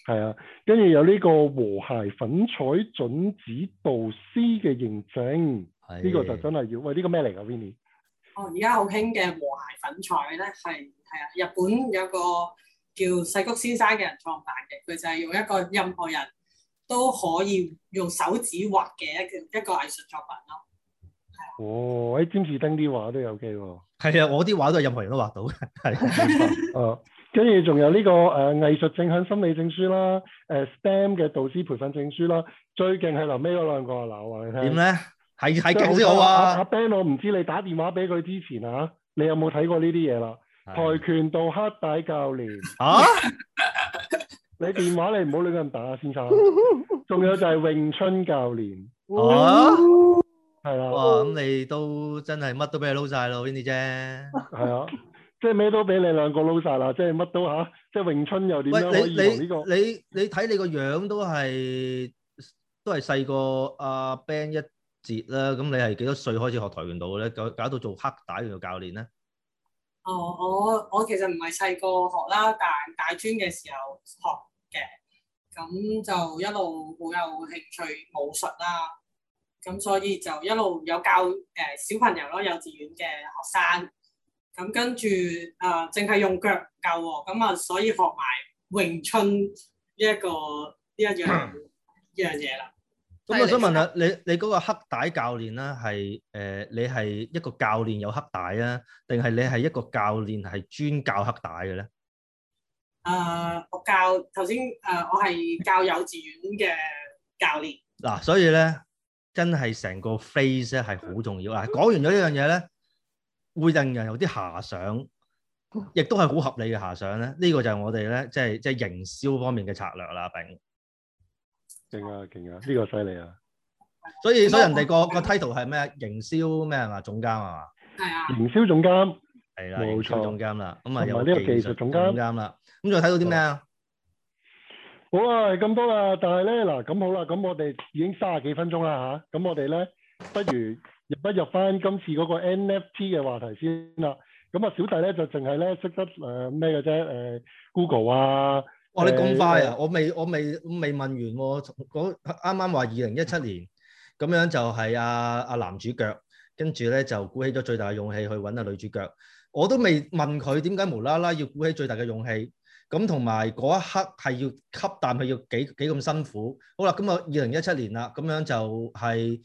係啊，跟住、啊、有呢個和諧粉彩準指導師嘅認證。呢個就真係要喂，呢個咩嚟噶，Winnie？哦，而家好興嘅和諧粉彩咧，係係啊，日本有個叫細谷先生嘅人創辦嘅，佢就係用一個任何人都可以用手指畫嘅一個一個藝術作品咯。哦，喺詹士丁啲畫都有嘅。係啊，我啲畫都係任何人都畫到嘅。係哦，跟住仲有呢個誒、呃、藝術正向心理證書啦，誒、呃、STEM 嘅導師培訓證書啦，最勁係留尾嗰兩個，嗱我話你聽。點咧？係係好啊！阿 Ben，我唔知你打電話俾佢之前啊，你有冇睇過呢啲嘢啦？跆拳道黑帶教練啊！你電話你唔好亂咁打，先生。仲有就係詠春教練。哦，係啦。哇，咁你都真係乜都俾佢撈晒咯，Winnie 啫。係啊，即係咩都俾你兩個撈晒啦，即係乜都吓，即係詠春又點樣可以？你你你你睇你個樣都係都係細個阿 Ben 一。啦，咁你係幾多歲開始學跆拳道嘅咧？搞搞到做黑帶嘅教練咧？哦，我我其實唔係細個學啦，但係大專嘅時候學嘅，咁就一路好有興趣武術啦，咁所以就一路有教誒、呃、小朋友咯，幼稚園嘅學生，咁跟住誒淨係用腳教喎，咁啊所以學埋詠春呢、這、一個呢一 樣呢樣嘢啦。咁我想問下你，你嗰個黑帶教練咧，係誒，你係一個教練有黑帶啊，定係你係一個教練係專教黑帶嘅咧？誒，我教頭先誒，我係教幼稚園嘅教練。嗱，所以咧，真係成個 phrase 咧係好重要啊！講完咗呢樣嘢咧，會令人有啲遐想，亦都係好合理嘅遐想咧。呢個就係我哋咧即係即係營銷方面嘅策略啦，並。勁啊勁啊！呢個犀利啊！所以所以人哋個個 title 係咩啊？營銷咩啊嘛？總監係嘛？係啊！營銷總監係啦，冇錯總監啦。咁啊，又呢個技術總監啦。咁再睇到啲咩啊？好啊，咁多啦。但係咧嗱，咁好啦，咁我哋已經卅幾分鐘啦吓。咁我哋咧，不如入一入翻今次嗰個 NFT 嘅話題先啦。咁啊，小弟咧就淨係咧識得誒咩嘅啫？誒，Google 啊。 我哋咁快啊！我未我未我未問完喎，啱啱話二零一七年咁樣就係阿阿男主角，跟住咧就鼓起咗最大嘅勇氣去揾阿女主角。我都未問佢點解無啦啦要鼓起最大嘅勇氣，咁同埋嗰一刻係要吸，啖，係要幾幾咁辛苦。好啦，咁啊二零一七年啦，咁樣就係、是。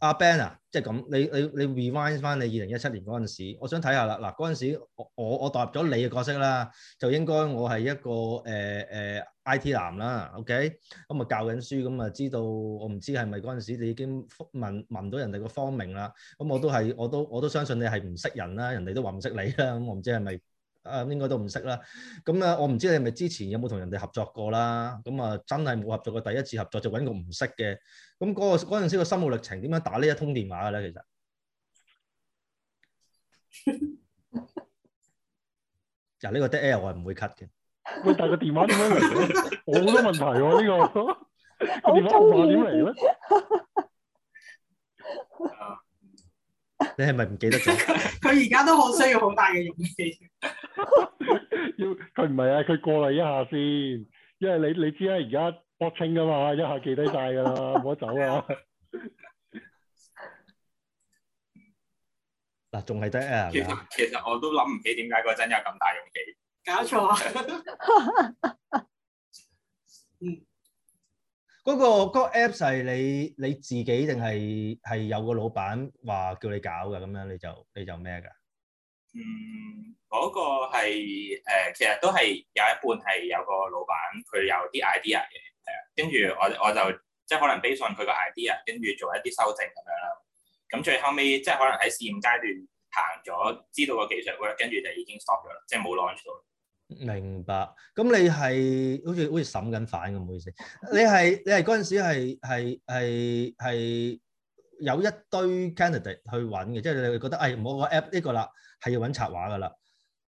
阿、啊、Ben 啊，即係咁，你你你 rewind 翻你二零一七年嗰陣時，我想睇下啦，嗱嗰陣時我我，我代入咗你嘅角色啦，就應該我係一個誒誒、呃呃、IT 男啦，OK，咁啊教緊書，咁啊知道我唔知係咪嗰陣時你已經聞聞，聞到人哋個芳名啦，咁我都係我都我都相信你係唔識人啦，人哋都話唔識你啦，咁我唔知係咪。啊，應該都唔識啦。咁啊，我唔知你係咪之前有冇同人哋合作過啦。咁啊，真係冇合作過，第一次合作就搵個唔識嘅。咁嗰個嗰陣時個心路歷程，點樣打呢一通電話嘅咧？其實，就，呢個 dead air 我係唔會 cut 嘅。喂，但係個電話點樣嚟？好多問題喎，呢個個電話號碼點嚟咧？你係咪唔記得咗？佢而家都好需要好大嘅勇氣。要佢唔係啊，佢過嚟一下先，因為你你知啦，而家博清噶嘛，一下記低晒噶啦，唔好走啊！嗱，仲係得啊！其實其實我都諗唔起點解嗰陣有咁大勇氣。搞錯啊！嗰個嗰個 apps 係你你自己定係係有個老闆話叫你搞噶？咁樣你就你就咩噶？嗯，嗰、嗰個係、呃、其實都係有一半係有個老闆佢有啲 idea 嘅，誒、呃，跟住我我就即係可能 base on 佢個 idea，跟住做一啲修正咁樣啦。咁最後尾即係可能喺試驗階段行咗，知道個技術，跟住就已經 stop 咗喇，即係冇 launch 到。明白。咁你係好似好似審緊反嘅，唔好意思。你係你係嗰陣時係係係係有一堆 candidate 去揾嘅，即係你會覺得誒，我、哎唔好 app 呢個啦。係要揾插畫噶啦，誒、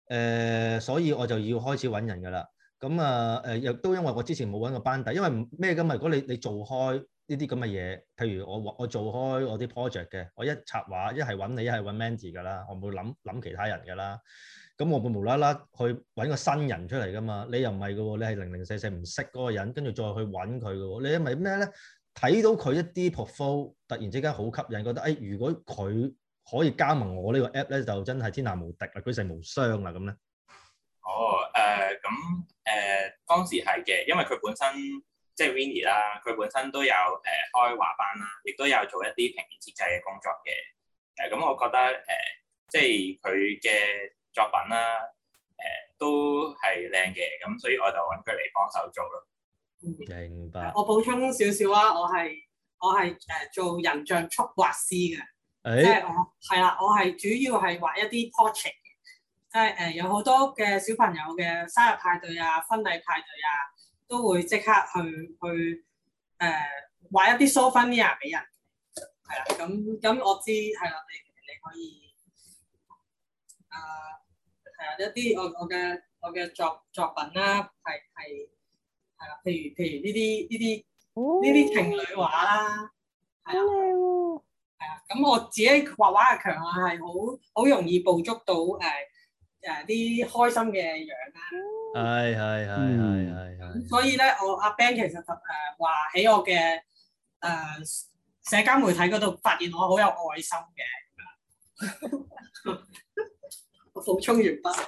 呃，所以我就要開始揾人噶啦。咁啊，誒、呃，亦都因為我之前冇揾過班底，因為咩咁㗎？如果你你做開呢啲咁嘅嘢，譬如我我做開我啲 project 嘅，我一插畫，一係揾你，一係揾 Mandy 㗎啦，我唔會諗諗其他人㗎啦。咁我會無啦啦去揾個新人出嚟㗎嘛？你又唔係㗎喎？你係零零四四唔識嗰個人，跟住再去揾佢㗎喎？你係咪咩咧？睇到佢一啲 profile，突然之間好吸引，覺得誒、哎，如果佢，可以加盟我呢個 app 咧，就真係天下無敵啦，舉世無雙啦，咁咧。哦，誒，咁誒，當時係嘅，因為佢本身即係 Winnie 啦，佢本身都有誒開畫班啦，亦都有做一啲平面設計嘅工作嘅。誒，咁我覺得誒，即係佢嘅作品啦，誒都係靚嘅，咁所以我就揾佢嚟幫手做咯。明白。我補充少少啊，我係我係誒做人像速畫師嘅。即係我係啦，我係主要係畫一啲 portrait 嘅，即係誒有好多嘅小朋友嘅生日派對啊，婚禮派對啊，都會即刻去去誒畫、呃、一啲梳婚紗俾人，係啦，咁咁我知係啦，你你可以誒睇下一啲我我嘅我嘅作作品啦，係係係啦，譬、呃、如譬如呢啲呢啲呢啲情侶畫啦，係啊。哦 咁、嗯、我自己畫畫嘅強啊，係好好容易捕捉到誒誒啲開心嘅樣啊。係係係係係係。所以咧，我阿 Ben 其實誒話喺我嘅誒、呃、社交媒體嗰度發現我好有愛心嘅。 我補充完畢。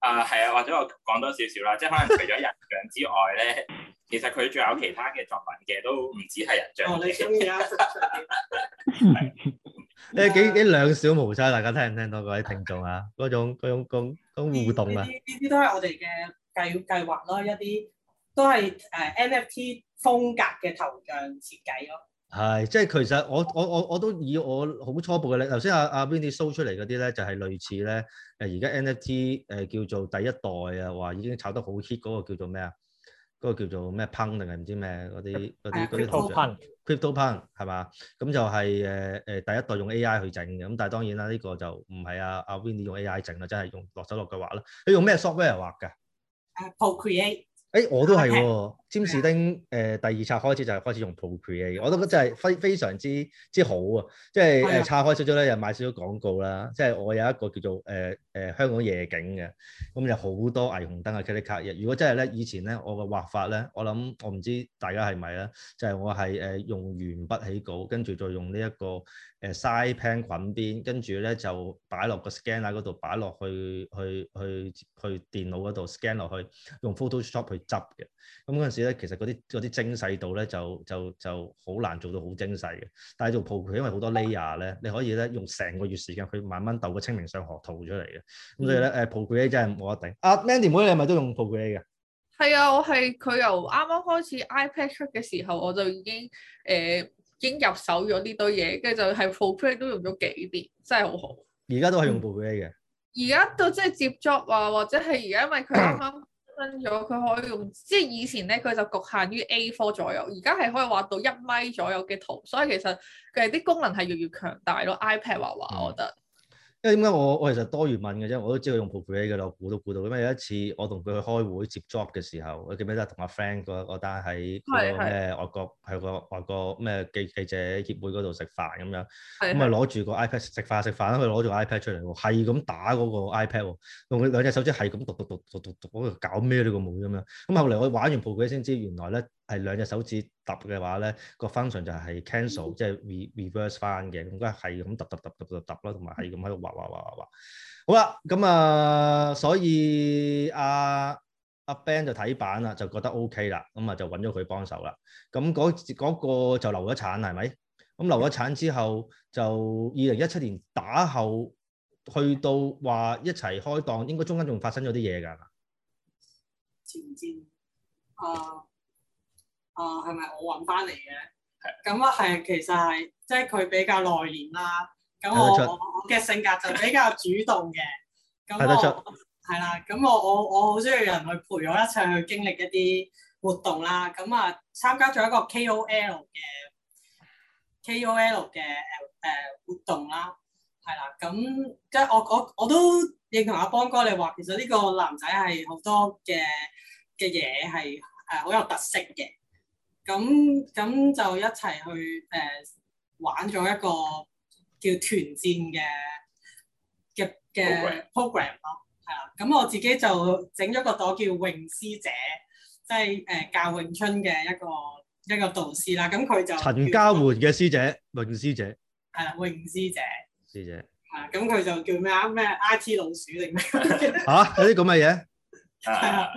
啊，係、uh, 啊，或者我講多少少啦，即係可能除咗人像之外咧，其實佢仲有其他嘅作品嘅，都唔止係人像嚟嘅。你幾幾兩小無猜，大家聽唔聽到各位聽眾啊？嗰種嗰種咁咁互動啊？呢啲都係我哋嘅計計劃咯，一啲都係誒 NFT 風格嘅頭像設計咯。係，即係其實我我我我都以我好初步嘅，頭先阿阿 Winnie show 出嚟嗰啲咧，就係、是、類似咧誒而家 NFT 誒叫做第一代啊，哇已經炒得好 hit 嗰個叫做咩啊？嗰、那個叫做咩 Punk 定係唔知咩嗰啲嗰啲嗰啲圖 Crypto Punk 係嘛？咁、uh, 就係誒誒第一代用 AI 去整嘅，咁但係當然啦，呢、這個就唔係阿阿 Winnie 用 AI 整啦，真係用落手落腳畫啦。你用咩 software 畫㗎？誒、uh, Procreate 誒、欸、我都係、啊，Okay. 占士丁誒、呃、第二冊開始就係開始用 Procreate，我都覺得真係非非常之之好啊！即係誒插開少少咧，又、oh、yeah. 買少少廣告啦。即係我有一個叫做誒誒、呃呃、香港夜景嘅，咁、嗯、有好多霓虹燈嘅 c o l o u r 卡嘅。如果真係咧，以前咧我嘅畫法咧，我諗我唔知大家係咪啦，就係、是、我係誒、呃、用鉛筆起稿，跟住再用呢、這、一個。誒、呃、side pen 滾邊，跟住咧就擺落個 scanner、er、嗰度，擺落去去去去電腦嗰度 scan 落、er、去，用 Photoshop 去執嘅。咁嗰陣時咧，其實嗰啲啲精細度咧，就就就好難做到好精細嘅。但係做 Procreate 因為好多 layer 咧，你可以咧用成個月時間去慢慢鬥個清明上河圖出嚟嘅。咁、嗯、所以咧，誒、uh, Procreate 真係冇得頂。阿、啊、Mandy 妹，你係咪都用 Procreate 嘅？係啊，我係佢由啱啱開始 iPad 出嘅時候，我就已經誒、呃已經入手咗呢堆嘢，跟住就係、是、Procreate 都用咗幾年，真係好好。而家都係用 Procreate 嘅。而家都即係接 job 啊，或者係而家因為佢啱啱更新咗，佢可以用即係以前咧，佢就局限於 A4 左右，而家係可以畫到一米左右嘅圖，所以其實佢啲功能係越嚟越強大咯。iPad 畫畫，我覺得。因為點解我我其實多餘問嘅啫，我都知佢用 PPT 嘅啦，我估都估到。因為有一次我同佢去開會接 job 嘅時候，我記唔記得同阿 Friend 嗰個單喺咩外國喺個外國咩記記者協會嗰度食飯咁樣，咁咪攞住個 iPad 食飯食飯啦。佢攞住個 iPad 出嚟喎，係咁打嗰個 iPad 喎，用佢兩隻手指係咁讀讀讀讀讀讀，喺度搞咩呢個冇咁樣。咁後嚟我玩完 PPT 先知原來咧。係兩隻手指揼嘅話咧，個 function 就係 cancel，即係 re reverse 翻嘅，咁梗係咁揼揼揼揼揼揼咯，同埋係咁喺度畫畫畫畫畫。好啦，咁啊，所以阿阿 Ben 就睇版啦，就覺得 OK 啦，咁啊就揾咗佢幫手啦。咁嗰個就流咗產係咪？咁流咗產之後，就二零一七年打後去到話一齊開檔，應該中間仲發生咗啲嘢㗎？前啊，係咪、uh, 我揾翻嚟嘅？咁啊的，係其實係即係佢比較內斂啦。咁我的我嘅性格就比較主動嘅。咁就，係啦的。咁 我我我好中意人去陪我一齊去經歷一啲活動啦。咁啊，參加咗一個 K.O.L 嘅 K.O.L 嘅誒誒活動啦。係啦，咁即係我我我都認同阿邦哥你話，其實呢個男仔係好多嘅嘅嘢係誒好有特色嘅。咁咁就一齊去誒、呃、玩咗一個叫團戰嘅嘅嘅 program 咯、啊，係啦。咁我自己就整咗個朵叫詠師姐，即係誒、呃、教詠春嘅一個一個導師啦。咁、啊、佢就陳家媛嘅師姐，詠師姐係啦，詠師姐師姐係，咁佢就叫咩 啊？咩 I T 老鼠定咩吓？有啲咁嘅嘢係啊，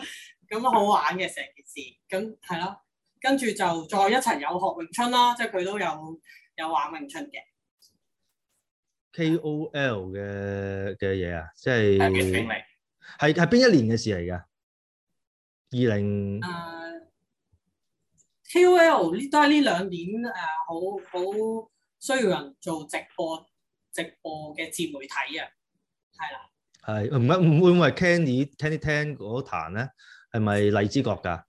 咁、啊、好玩嘅成件事，咁係咯。嗯跟住就再一齊有學詠春啦，即係佢都有有玩詠春嘅 KOL 嘅嘅嘢啊，即係係邊一年一年嘅事嚟㗎？二零誒 KOL 呢都係呢兩年誒，好好需要人做直播直播嘅節媒體啊，係啦，係唔係唔會唔係 Kenny Kenny 聽嗰壇咧係咪荔枝角㗎？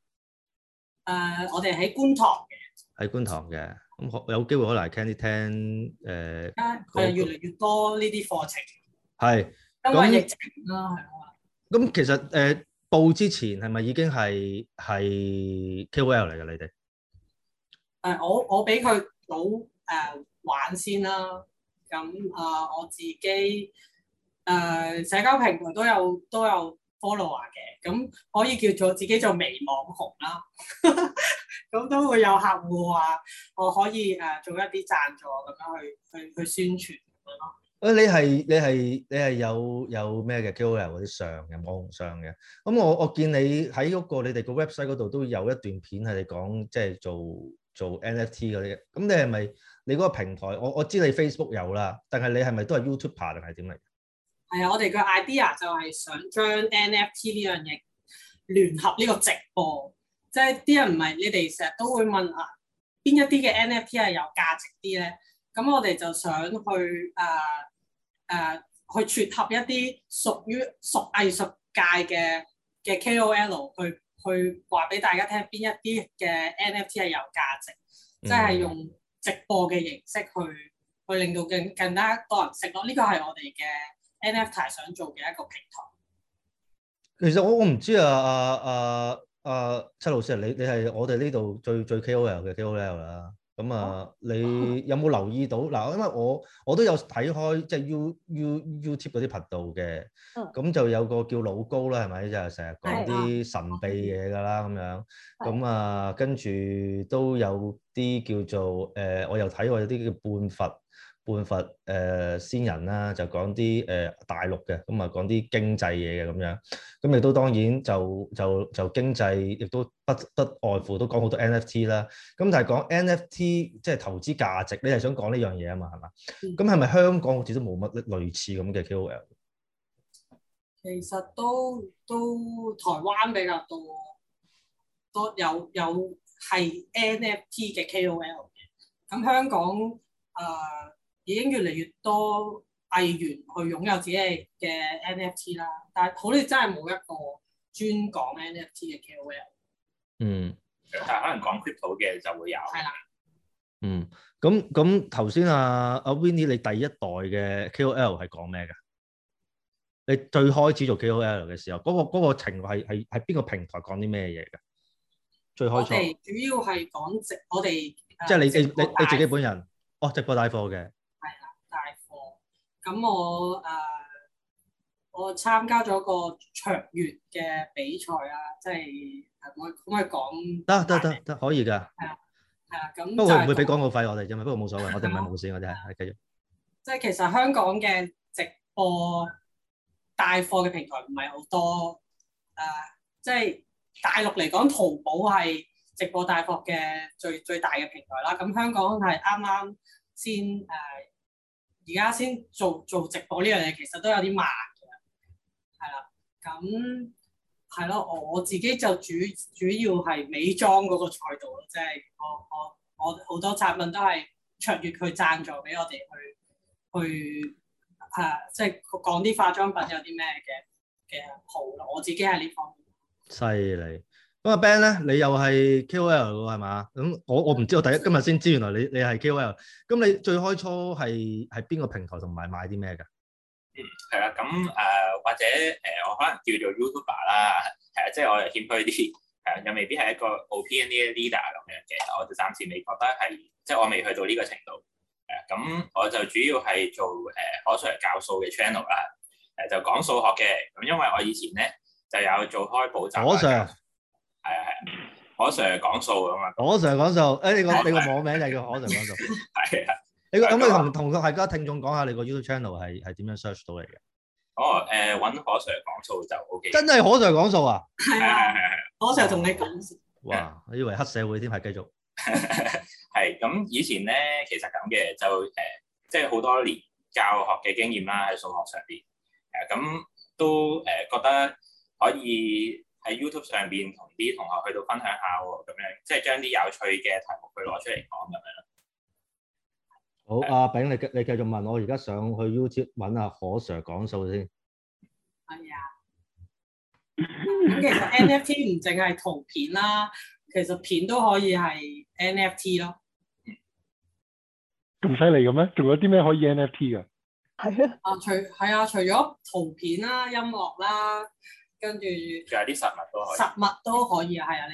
誒，我哋喺觀塘嘅，喺觀塘嘅，咁有機會可能係 can 啲聽誒，係越嚟越多呢啲課程，係因為疫情咯，係嘛？咁其實誒報之前係咪已經係係 KOL 嚟㗎？你哋誒我我俾佢早誒玩先啦，咁啊我自己誒社交平台都有都有。follower 嘅，咁可以叫做自己做微網紅啦，咁都會有客戶話我可以誒做一啲贊助咁樣去去去宣傳佢咯。誒，你係你係你係有有咩嘅 KOL 嗰啲相嘅網紅相嘅？咁我我見你喺嗰個你哋個 website 嗰度都有一段片係你講即係做做 NFT 嗰啲嘅。咁你係咪你嗰個平台？我我知你 Facebook 有啦，但係你係咪都係 YouTuber 定係點嚟？係我哋個 idea 就係想將 NFT 呢樣嘢聯合呢個直播，即係啲人唔係，你哋成日都會問啊，邊一啲嘅 NFT 係有價值啲咧？咁我哋就想去誒誒、啊啊、去撮合一啲屬於屬藝術界嘅嘅 KOL 去去話俾大家聽邊一啲嘅 NFT 係有價值，即係、嗯、用直播嘅形式去去令到更更加多人識咯。呢、這個係我哋嘅。NFT 想做嘅一個平台。其實我我唔知啊，阿阿阿七老師，你你係我哋呢度最最 KOL 嘅 KOL 啦。咁啊，哦、你有冇留意到嗱？因為我我都有睇開即係 U U YouTube 嗰啲頻道嘅。咁、嗯、就有個叫老高啦，係咪就係成日講啲神秘嘢㗎啦？咁、嗯、樣咁、哦、啊，跟住都有啲叫做誒、呃，我又睇過有啲叫半佛。半佛誒仙人啦，就講啲誒大陸嘅，咁啊講啲經濟嘢嘅咁樣，咁亦都當然就就就經濟，亦都不不外乎都講好多 NFT 啦。咁但係講 NFT 即係投資價值，你係想講呢樣嘢啊嘛，係嘛？咁係咪香港好似都冇乜類似咁嘅 KOL？其實都都台灣比較多，多有有係 NFT 嘅 KOL 嘅。咁香港啊？已經越嚟越多藝員去擁有自己嘅 NFT 啦，但係好似真係冇一個專講 NFT 嘅 KOL。嗯，但係可能講 crypto 嘅就會有。係啦的。嗯，咁咁頭先阿啊 Winnie 你第一代嘅 KOL 係講咩嘅？你最開始做 KOL 嘅時候，嗰個嗰個情況係係係邊個平台講啲咩嘢㗎？最開始主要係講直，我哋即係你你你，你自己本人哦直播帶貨嘅。咁我誒、呃、我參加咗個長月嘅比賽啊，即係我可唔可以講？得得得得，可以㗎。係啊，係啊、就係。咁不過唔會俾廣告費我哋啫嘛，不過冇所謂，我哋唔係無線， 我哋係係繼續。即係其實香港嘅直播帶貨嘅平台唔係好多，誒、啊，即係大陸嚟講，淘寶係直播帶貨嘅最最大嘅平台啦。咁、啊、香港係啱啱先誒。啊而家先做做直播呢樣嘢，其實都有啲慢嘅，係啦。咁係咯，我自己就主主要係美妝嗰個賽道咯，即係我我我好多產品都係卓越佢贊助俾我哋去去誒，即係佢講啲化妝品有啲咩嘅嘅好咯。我自己喺呢方面。犀利。咁啊 Ben 咧，你又係 KOL 喎，係嘛？咁我我唔知，我第一今日先知，原來你你係 KOL。咁你最開初係係邊個平台同埋買啲咩㗎？嗯，係啊。咁誒、呃、或者誒、呃，我可能叫做 YouTuber 啦，係啊，即、就、係、是、我嚟謙虛啲，係、呃、啊，又未必係一個 opinion 啲 leader 咁樣嘅。我就暫時未覺得係，即係我未去到呢個程度。誒，咁我就主要係做誒、呃、可 Sir 嚟教數嘅 channel 啦。誒、呃、就講數學嘅。咁因為我以前咧就有做開補習。可 Sir。係係，可 Sir 講數啊嘛，可 Sir 講數，誒你個的你個網名就叫可 Sir 講數，係你咁你同同大家聽眾講下你個 YouTube channel 係係點樣 search 到嚟嘅？哦誒，搵、呃、可 Sir 講數就 OK。真係可 Sir 講數啊？係係係係，可的的 Sir 同你講。的哇，我哇以為黑社會添，係繼續。係咁， 以前咧其實咁嘅，就誒、呃、即係好多年教學嘅經驗啦，喺數學上邊，誒、嗯、咁都誒覺得可以。喺 YouTube 上邊同啲同學去到分享下喎，咁樣即係將啲有趣嘅題目去攞出嚟講咁樣。好，阿炳的、啊，你你繼續問我，而家想去 YouTube 揾下可 Sir 講數先。係啊、哎，咁其實 NFT 唔淨係圖片啦， 其實片都可以係 NFT 咯。咁犀利嘅咩？仲有啲咩可以 NFT 嘅？係 啊，除係啊，除咗圖片啦、音樂啦。跟住，仲有啲實物都可以。實物都可以 啊，係啊，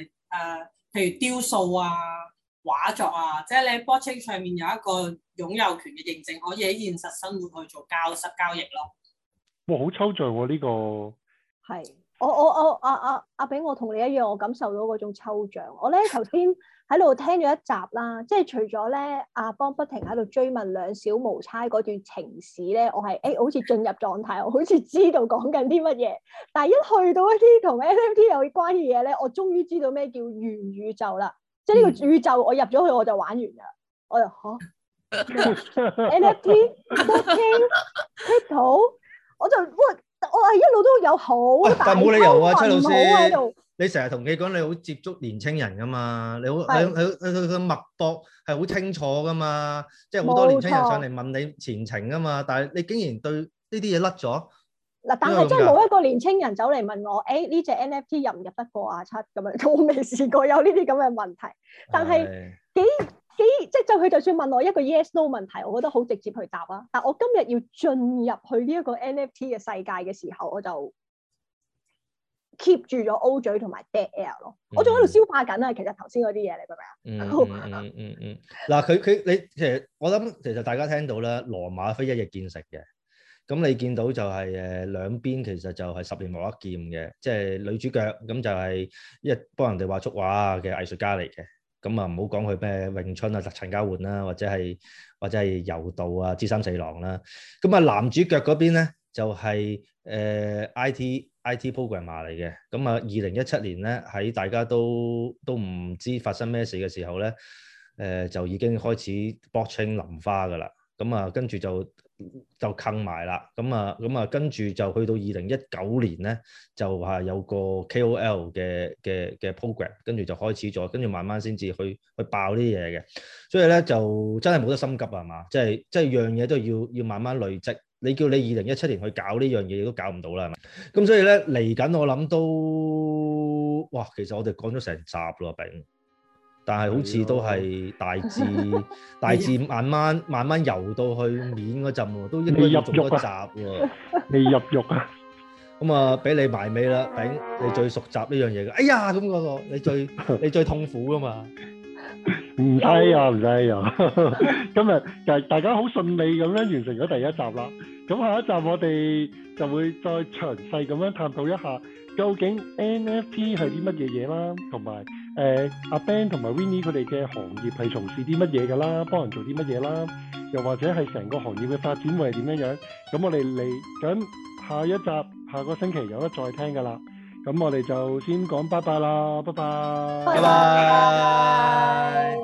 你誒，譬如雕塑啊、畫作啊，即係你喺 Blockchain 上面有一個擁有權嘅認證，可以喺現實生活去做交失交易咯。哇，好、這個、抽象喎呢個。係，我我我阿阿阿炳，我同、啊啊啊、你一樣，我感受到嗰種抽象。我咧頭先， 喺度聽咗一集啦，即係除咗咧，阿邦不停喺度追問兩小無猜嗰段情史咧，我係誒、欸、好似進入狀態，我好似知道講緊啲乜嘢。但係一去到一啲同 NFT 有關嘅嘢咧，我終於知道咩叫元宇宙啦。即係呢個宇宙，嗯、我入咗去我就玩完啦。我就嚇 NFT token crypto，我就喂，我係一路都有好大嘅收穫，但係冇理由啊。你成日同佢講你好接觸年青人噶嘛，你好是你你你脈搏係好清楚噶嘛，即係好多年青人上嚟問你前程噶嘛，錯但係你竟然對呢啲嘢甩咗嗱，但係真係冇一個年青人走嚟問我，誒呢隻 NFT 入唔入得過阿七咁樣，我未試過有呢啲咁嘅問題。但係幾 幾即係就佢就算問我一個 yes no 問題，我覺得好直接去答啊。但我今日要進入去呢一個 NFT 嘅世界嘅時候，我就。keep 住咗 O 嘴同埋 dead air 咯，我仲喺度消化緊啊！其實頭先嗰啲嘢你明唔明啊？嗯嗯嗯，嗱，佢佢你其實我諗，其實大家聽到咧，羅馬非一日建成嘅，咁你見到就係誒兩邊其實就係十年磨一劍嘅，即係女主角咁就係一幫人哋畫速畫嘅藝術家嚟嘅，咁啊唔好講佢咩詠春啊、陳家煥啦，或者係或者係柔道啊、姿三四郎啦，咁啊男主角嗰邊咧就係誒 IT。IT programmer 嚟嘅，咁啊，二零一七年咧，喺大家都都唔知發生咩事嘅時候咧，誒、呃、就已經開始 blockchain 林花㗎啦，咁啊，跟住就就坑埋啦，咁啊，咁啊，跟住就去到二零一九年咧，就話、啊、有個 KOL 嘅嘅嘅 program，跟住就開始咗，跟住慢慢先至去去爆啲嘢嘅，所以咧就真係冇得心急啊嘛，即係即係樣嘢都要要慢慢累積。你叫你二零一七年去搞呢樣嘢，都搞唔到啦，係咪？咁所以咧，嚟緊我諗都，哇！其實我哋講咗成集咯，餅，但係好似都係大致大致慢慢 慢慢遊到去面嗰陣喎，都應該仲一集喎。未入肉啊？咁啊，俾你埋尾啦，餅！你最熟習呢樣嘢嘅，哎呀，咁嗰個你最你最痛苦噶嘛？唔使啊，唔使啊。啊、 今日就大家好順利咁樣完成咗第一集啦。咁下一集我哋就會再詳細咁樣探討一下，究竟 NFT 係啲乜嘢嘢啦，同埋誒阿 Ben 同埋 Winnie 佢哋嘅行業係從事啲乜嘢㗎啦，幫人做啲乜嘢啦，又或者係成個行業嘅發展會係點樣樣。咁我哋嚟緊下一集，下個星期有得再聽㗎啦。咁我哋就先講拜拜啦，拜拜，拜拜。